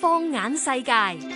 放眼世界。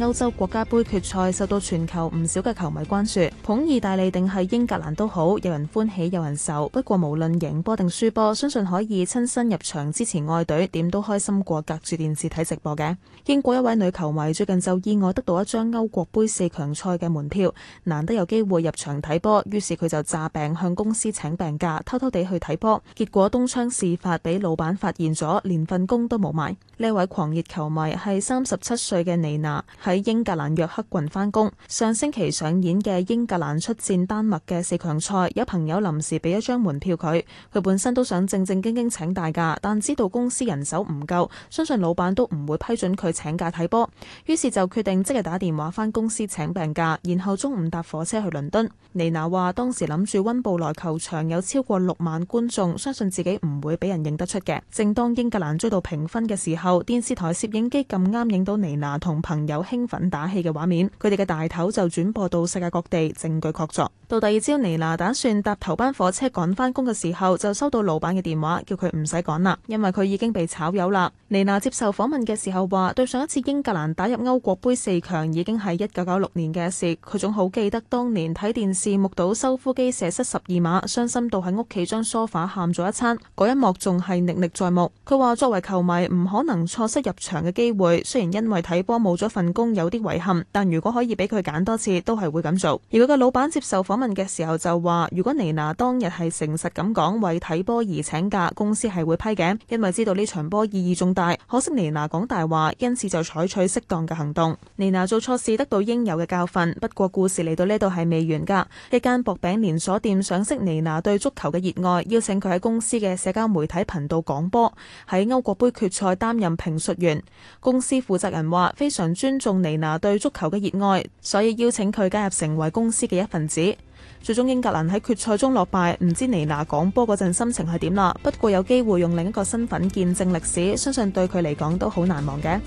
歐洲國家盃決賽受到全球唔少嘅球迷關注，捧意大利定係英格蘭都好，有人歡喜有人愁。不過無論贏波定輸波，相信可以親身入場支持愛隊，點都開心過隔住電視睇直播嘅。英國一位女球迷最近就意外得到一張歐國盃四強賽嘅門票，難得有機會入場睇波，於是佢就詐病向公司請病假，偷偷地去睇波。結果東窗事發俾老闆發現咗，連份工都冇埋。呢位狂熱球迷係三十七歲嘅尼娜。喺英格蘭約克郡翻工，上星期上演嘅英格蘭出戰丹麥嘅四強賽，有朋友臨時俾一張門票佢，佢本身都想正正經經請大假，但知道公司人手唔夠，相信老闆都唔會批准佢請假睇波，於是就決定即日打電話翻公司請病假，然後中午搭火車去倫敦。尼娜話當時諗住温布萊球場有超過六萬觀眾，相信自己唔會俾人認得出嘅。正當英格蘭追到平分嘅時候，電視台攝影機咁啱影到尼娜同朋友興興奮打氣嘅畫面，佢哋嘅大頭就轉播到世界各地，證據確鑿。到第二朝，妮娜打算搭頭班火車趕返工嘅時候，就收到老闆嘅電話，叫佢唔使趕啦，因為佢已經被炒魷啦。妮娜接受訪問嘅時候話：對上一次英格蘭打入歐國杯四強已經係一九九六年嘅事，佢仲好記得當年睇電視目睹收夫機射失十二碼，傷心到喺屋企將梳化喊咗一餐，嗰一幕仲係歷歷在目。佢話作為球迷唔可能錯失入場嘅機會，雖然因為睇波冇咗份工。有啲遺憾，但如果可以俾佢揀多次，都係會咁做。而佢嘅老闆接受訪問嘅時候就話：如果妮娜當日係誠實咁講為睇波而請假，公司係會批嘅，因為知道呢場波意義重大。可惜妮娜講大話，因此就採取適當嘅行動。妮娜做錯事得到應有嘅教訓。不過故事嚟到呢度係未完噶。一間薄餅連鎖店賞識妮娜對足球嘅熱愛，邀請佢喺公司嘅社交媒體頻道講波，喺歐國杯決賽擔任評述員。公司負責人話：非常尊重。同尼娜對足球嘅熱愛，所以邀請佢加入成為公司嘅一份子。最終英格蘭喺決賽中落敗，唔知尼娜講波嗰陣心情係點啦。不過有機會用另一個身份見證歷史，相信對佢嚟講都好難忘嘅。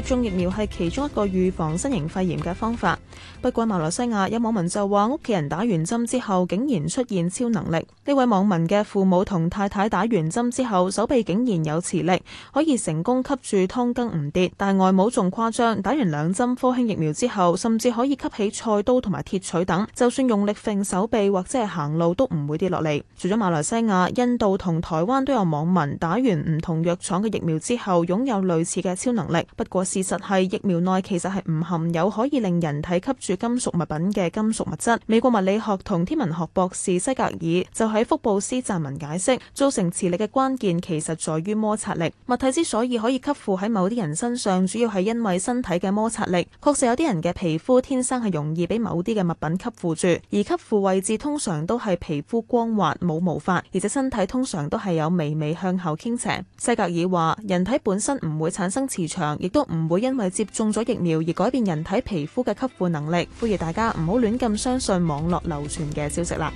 接種疫苗係其中一個預防新型肺炎嘅方法。不過馬來西亞有網民就話，屋企人打完針之後竟然出現超能力。呢位網民嘅父母同太太打完針之後，手臂竟然有磁力，可以成功吸住湯羹唔跌。但外母仲誇張，打完兩針科興疫苗之後，甚至可以吸起菜刀同埋鐵錘等，就算用力揈手臂或者係行路都唔會跌落嚟。除咗馬來西亞、印度同台灣都有網民打完唔同藥廠嘅疫苗之後，擁有類似嘅超能力，不過。事實係疫苗內其實係唔含有可以令人體吸住金屬物品嘅金屬物質。美國物理學同天文學博士西格爾就喺福布斯撰文解釋，造成磁力嘅關鍵其實在於摩擦力。物體之所以可以吸附喺某啲人身上，主要係因為身體嘅摩擦力。確實有啲人嘅皮膚天生係容易俾某啲嘅物品吸附住，而吸附位置通常都係皮膚光滑冇毛髮，而且身體通常都係有微微向後傾斜。西格爾話：人體本身唔會產生磁場，亦都唔。唔會因為接種咗疫苗而改變人體皮膚嘅吸附能力，呼籲大家唔好亂咁相信網絡流傳嘅消息啦。